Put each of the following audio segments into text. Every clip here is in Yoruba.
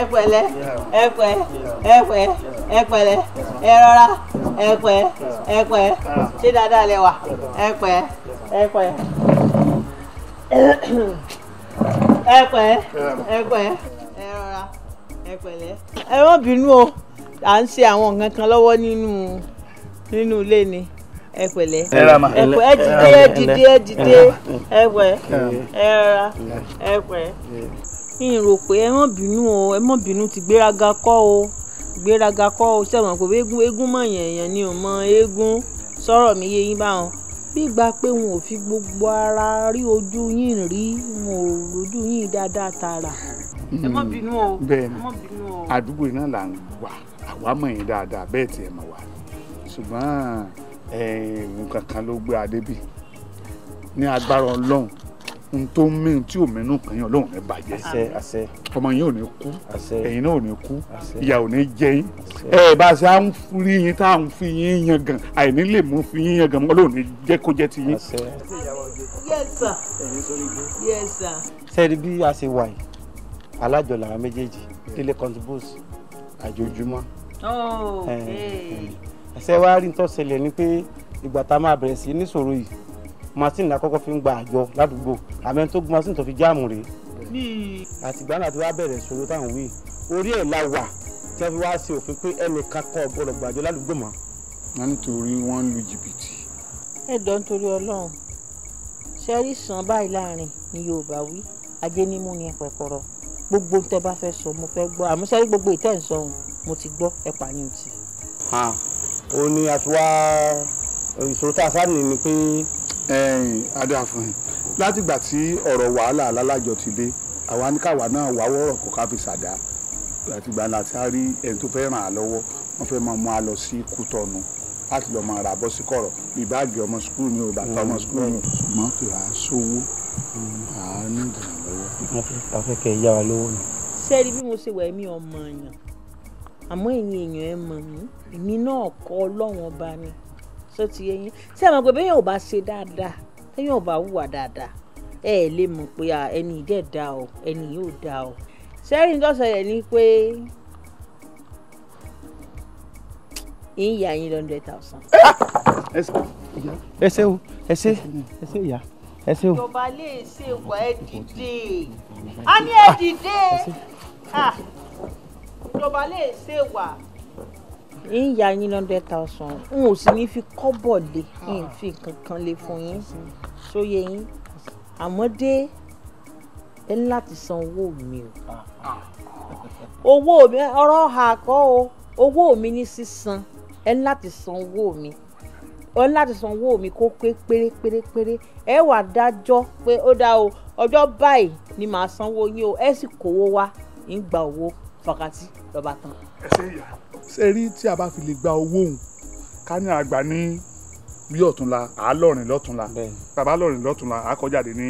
ẹpẹ̀lẹ́ ẹpẹ ẹpẹ ẹpẹ̀lẹ́ erora, ẹpẹ ẹpẹ ṣé dáadáa lẹ wà ẹpẹ ẹpẹ ẹpẹ ẹpẹ ẹrọra ẹpẹ̀lẹ́. ẹ o ṣe awọn kan ni n rò pé ẹ má bínú o ẹ má bínú ti gbéraga kọ́ o gbéraga kọ́ o sẹ́wọ̀n kò eégún eégún mọ̀ yẹn yẹn ni ò mọ eégún sọ̀rọ̀ mi yé yín báwọn bí gba pé wọn ò fi gbogbo ara rí ojú yín rí wọn ò rojú yín dáadáa tààrà. ẹ má hmm. bínú o bẹ́ẹ̀ ni àdúgbò náà là ń wà àwa mọ̀ yín dáadáa bẹ́ẹ̀ tiẹ̀ mọ̀ wá ṣùgbọ́n ẹ̀ẹ́n kankan ló gbé adébí ní agbára ọlọ́run n tó ń mí tí ò mẹ́nu kàn yín ọlọ́run ẹ bàjẹ́ ọmọ yín ò ní kú ẹ̀yin náà ò ní kú ìyà ò ní jẹ yín ẹ bá a ṣe à ń rí yín tá à ń fi yín yan gan àìní lè mú fi yín yan gan ọlọ́run ní jẹ́ kó jẹ́ ti yín. sẹ́ẹ̀rì bí a ṣe wà yìí alájọ làwọn méjèèjì délé contribute àjòjúmọ́ ṣe wá rí tó ṣẹlẹ̀ ni pé ìgbà tá a máa bẹ̀rẹ̀ sí níṣòro yìí machine la kọ́kọ́ fi ń gba àjọ ládùúgbò àmẹ́ tó gun machine tó fi jáàmù rèé. àtìgbà náà ti wá bẹ̀rẹ̀ ìṣòro táwọn wí orí ẹ̀ la wà tí wọ́n fi wá ṣe òfin pé ẹnìkan kọ́ ọ̀gbọ́dọ̀ gbàjọ ládùúgbò mọ́. wọ́n nítorí wọ́n ń lu jìbìtì. ẹ jọ nítorí ọlọ́run ṣe rí sàn báyìí láàrin ni yorùbá wí ajé ní mú ni ẹ pẹ̀kọ̀rọ̀ gbogbo tẹ́ bá fẹ́ sọ mo fẹ́ gbọ́ àmọ́ ṣe rí gbogbo ìtẹ́ ń sọ ohun mo ti gbọ́ ẹ pa ni o ti. ó ní àtiwá ìṣòro tá a sáré ni pé adáfún látìgbà tí ọ̀rọ̀ wàhálà alálàjọ ti dé àwa ní káwa náà wà wọ́rọ̀ kó ká fi ṣàdá àtìgbà láti á rí ẹni tó fẹ́ ràn án lọ́wọ́ wọ́n fẹ́ máa mú a lọ sí kútọ́nu láti lọ́ọ́ máa rà bọ́ sí kọ̀rọ̀ bí báàgì ọmọ sukúù ni o bàtà ọmọ sukúù ni o ṣùgbọ́n kì á sówó à á ní ìdìbò lọ́wọ́. afẹ́kẹ́ yá wa lówó ni. sẹ́ẹ̀rì bí mo ṣe wà mí ọmọ èèyàn àmọ́ èèyàn ẹ̀ mọ̀ mí èmi náà kọ́ ọlọ́wọ́n bá mi tó ti yé yín ṣé ẹ mọ̀ pé bẹ́ẹ̀ ṣe dáadáa bẹ́ẹ̀ yóò bá dáadáa ẹ ẹ lè mọ̀ pé ẹni ìdẹ́ da o ẹni yóò da o sẹ́yìn tó ṣẹlẹ̀ ni pé yín yà yín lọ́n hundred thousand. ẹ o ẹ ṣé ìyá ẹ o. ìjọba lè ṣe wà ẹ dìde a ní ẹ dìde ìjọba lè ṣe wà ń ya yín hundred thousand n ò sì ní fi kọ́bọ̀ lé n fi kankan lé fún yín sóye yín àmọ́ dé ẹ ní láti san owó mi o owó mi ọ̀rọ̀ àkọ́ o owó mi ní sísan ẹ ní láti san owó mi ọ ní láti san owó mi kó pé pérépérépéré ẹ wà dájọ́ pé ó dá o ọjọ́ báyìí ni màá sanwó yín o ẹ sì kówó wá ń gba owó fàkàtì lọ́ba tán. ẹ ṣe é ṣe rí tí a bá fi lè gba owó òun ká ní àgbà ní bí ọ̀túnla àálọ̀rìn lọ́túnla bàbá lọ́rìn lọ́túnla àkọ́jáde ní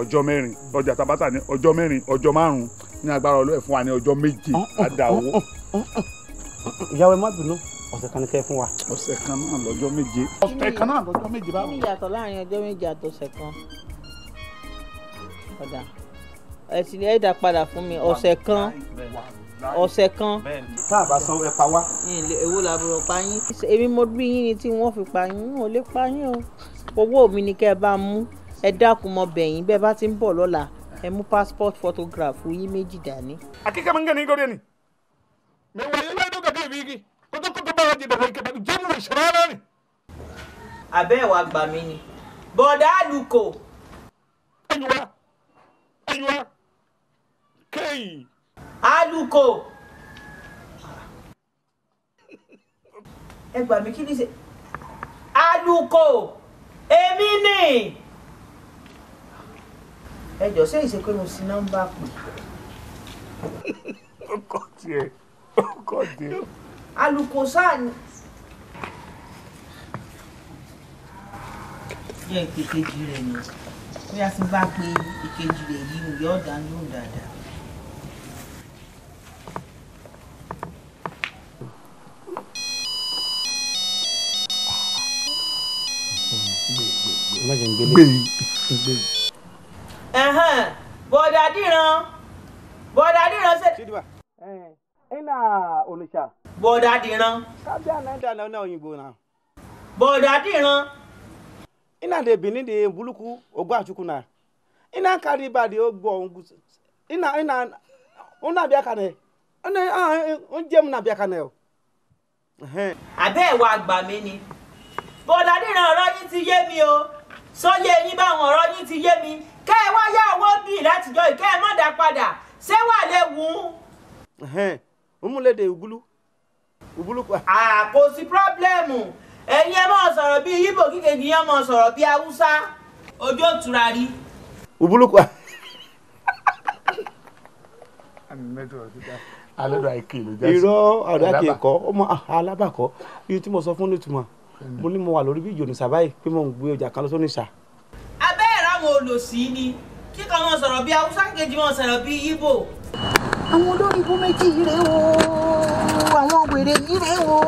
ọjọ́ mẹ́rin ọjà tabata ní ọjọ́ mẹ́rin ọjọ́ márùn-ún ní agbára ọlọ́ọ̀ fún wa ní ọjọ́ méje àdàwó. ìyàwó ẹ má bínú ọ̀sẹ̀ kan ní kẹ́ fún wa. ọ̀sẹ̀ kan náà lọ́jọ́ méje. ọ̀sẹ̀ kan náà lọ́jọ́ méje báwo. kí ni láàrin ọjọ́ méje àtọ̀sẹ̀ kan ọ̀dà ẹ ti padà fún mi ọ̀sẹ̀ kan ọ̀sẹ̀ kan. tá a bá san ẹ pa wá. èwo làbúrò pa yín. èmi mo bí yín ni tí wọ́n fi pa yín ò lè pa yín o. owó mi ni kẹ́ ẹ bá mú ẹ dákun mọ bẹ̀yìn bẹ́ẹ̀ bá ti ń bọ̀ lọ́la ẹ mú passport photograph yín méjì dání. akíkà máa ń gẹ̀ ní gòdè ni mẹ wà yẹn lẹ́nu gàdé mi kí kótó kótó bá wà jẹ dọ̀bọ̀ ìkẹ́bàdì jẹ́mu ìṣẹ̀rẹ̀ rẹ̀ ni. àbẹ́ ẹ̀ wá gbà mí ni bọ̀dá àlùkò. ẹ̀yin wa ẹ̀yin wa kéyìn lálùkò. ẹ gbà mí kí ni ṣe alùkò èmi ni ẹ jọ ṣé ìṣe pé mo sí nọ́mbà pè. ó kọ́ tiẹ̀ ó kọ́ tiẹ̀. alùkò sáà ni. jẹ́ ìkejì rẹ̀ ni bóyá ti bá pe ìkejì rẹ̀ yìí yóò dá lóhùn dáadáa. gbé. bọ̀dà díran bọ̀dà díran ṣe. iná olùṣà. bọ̀dà díran. kábíyà náà dáná náà òyìnbó náà. bọ̀dà díran. iná de benin de buluku ogun àchukwu náà iná kárí ìbàdí ogun ọ̀hún iná iná ọ̀hún náà bí akanẹ̀ ọ̀hún ah, ah, jẹ́ mu náà bí akanẹ̀ o àbẹ́ àgbà mi ni Bọ̀dá níran ọ̀rọ̀ yín ti yé mi o sóyè yín báwọn ọ̀rọ̀ yín ti yé mi kẹ́ ẹ wá yá owó bì látijọ́ ìkẹ́ ẹ má padà ṣé wà lè wù ú. múlẹ̀dẹ̀ pa. kò sí pírọ́blẹ́mù ẹ̀yin ẹ máa sọ̀rọ̀ bí ibo kíkejì yẹn máa sọ̀rọ̀ bí haúsá ojú òtura rí. ìgbúlú pa. alẹ́ dọ̀ àìkè ló já irọ́ àdákè kọ́ ọmọ alábàkọ́ iye tí mo sọ fún nítumọ̀ mo ní mo wà lórí fídíò ní sàbáyé pé mo ń gbé ọjà kan lọ́sọ́ ní sà. abẹ́ àwọn olòṣì ni kí kan wọn sọ̀rọ̀ bíi haúsá kejì wọn sọ̀rọ̀ bíi yíbò. àwọn olórí ibú méjì rèé o àwọn wèrè yìí rèé o.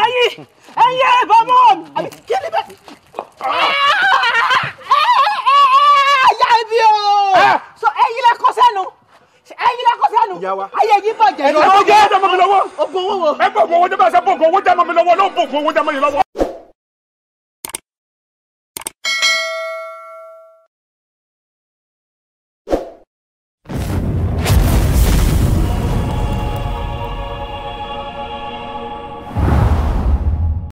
ẹyin ẹyin ẹ bọ́ hmm. mọ́ mi kí ni bẹ́ẹ̀. ìyá wa. ayé yìí bàjẹ́ lọ. ẹ̀yin ọ̀gá ẹ̀ dàmọ́ mi lọ́wọ́. ògùn owó wo. ẹ bọ̀ ògùn owó jẹ́ bá a sẹ́ bọ̀ ògùn owó jẹ́ mọ́ mi lọ́wọ́ ló ń bọ̀ ògùn owó jẹ́ mọ́ mi lọ́wọ́.